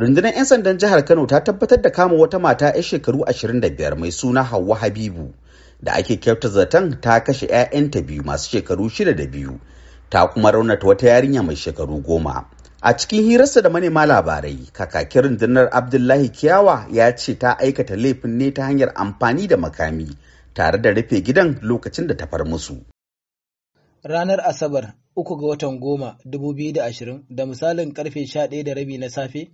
rundunar 'yan sandan jihar kano ta tabbatar da kama wata mata 'yar shekaru 25 mai suna Hauwa habibu da ake kyauta zaton ta kashe 'ya'yanta biyu masu shekaru shida da biyu ta kuma raunata wata yarinya mai shekaru goma a cikin hirarsa da manema labarai kakakin rundunar abdullahi kiyawa ya ce ta aikata laifin ne ta hanyar amfani da makami tare da rufe gidan lokacin da ta far musu ranar asabar 3 ga watan goma 2020 da misalin karfe 11 da rabi na safe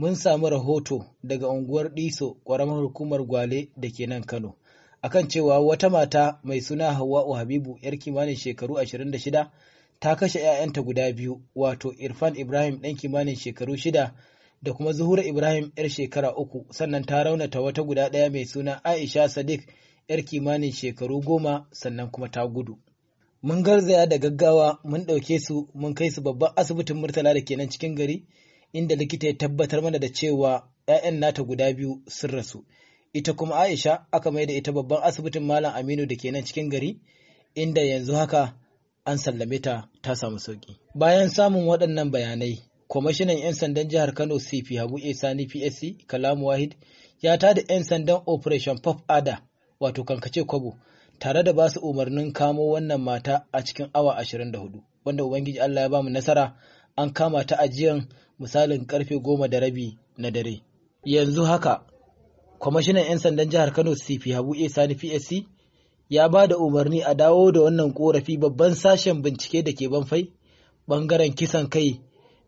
mun samu rahoto daga unguwar ɗiso ƙwaramar hukumar gwale da ke nan kano akan cewa wata mata mai suna O habibu yar kimanin shekaru 26 ta kashe 'ya'yanta guda biyu wato irfan ibrahim ɗan kimanin shekaru shida da kuma zuhura ibrahim yar shekara uku sannan ta raunata wata guda ɗaya mai suna aisha sadiq yar kimanin shekaru goma sannan kuma ta gudu mun garzaya da gaggawa mun ɗauke su mun kai su babban asibitin murtala da kenan cikin gari inda likita ya tabbatar mana da cewa 'ya'yan nata guda biyu sun rasu ita kuma aisha aka mai da ita babban asibitin malam aminu da ke nan cikin gari inda yanzu haka an sallame ta ta samu sauki bayan samun waɗannan bayanai kwamishinan 'yan sandan jihar kano cp habu sani psc kalamu wahid ya da 'yan sandan operation pop ada wato kankace kwabo tare da ba su umarnin kamo wannan mata a cikin awa 24 wanda ubangiji allah ya bamu nasara an kama ta ajiyan misalin karfe goma da rabi na dare. Yanzu haka, kwamishinan 'yan sandan jihar Kano CP Habu A Sani PSC ya ba da umarni a dawo da wannan korafi babban sashen bincike da ke banfai bangaren kisan kai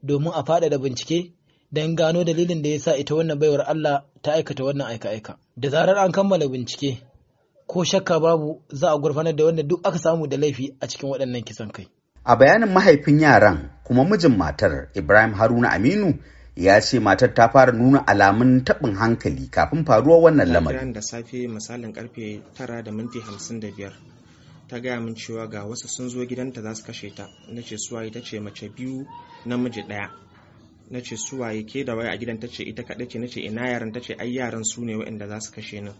domin a faɗaɗa bincike don gano dalilin da ya sa ita wannan baiwar Allah ta aikata wannan aika-aika. Da zarar an kammala bincike, ko shakka babu za a gurfanar da wanda duk aka samu da laifi a cikin waɗannan kisan kai. A bayanin mahaifin yaran kuma mijin matar Ibrahim Haruna Aminu ya ce matar ta fara nuna alamun taɓin hankali kafin faruwar wannan lamarin. da safe misalin karfe tara da minti hamsin da biyar ta gaya min cewa ga wasu sun zo gidanta za su kashe ta na ce suwaye ta ce mace biyu namiji ɗaya na ce suwaye ke da waya a gidan ta ce ita kaɗai ce na ce ina yaran ta ce ai yaran su ne waɗanda za su kashe ni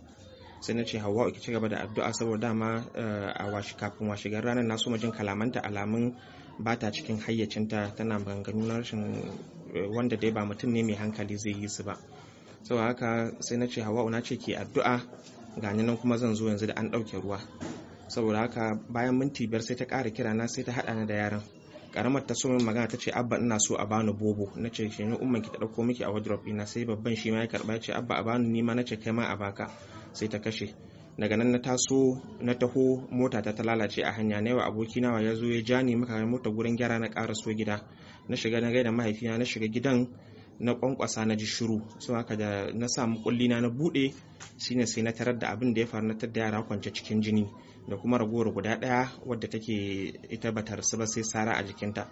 sai na ce hawa ki ci gaba da addu'a saboda dama eh, a washi kafin gar ranar na so jin kalamanta alamun ba ta cikin hayyacinta tana maganganu na rashin eh, wanda dai ba mutum ne mai hankali zai yi su ba sau haka sai na ce hawa na ce ke addu'a gani nan kuma zan zo yanzu da an dauke ruwa saboda haka bayan minti biyar sai ta kara kira na sai ta haɗa ni da yaran karamar ta so magana ta ce abba ina so a bani bobo na ce shi ne umman ki ta ɗauko miki a wardrobe ina sai babban shi ma ya karɓa ya ce abba a bani ni ma na ce kai ma a baka sai ta kashe daga nan na taso na taho mota ta ta lalace a hanya na yawa aboki nawa ya zo ya ja ni muka kai mota gurin gyara na ƙara so gida na shiga na gaida mahaifina na shiga gidan na kwankwasa na ji shiru sun haka da na samu kulli na na bude shine sai na tarar da abin da ya faru na tadda yara kwance cikin jini da kuma ragowar guda daya wadda take ita bata rasu ba sai sara a jikinta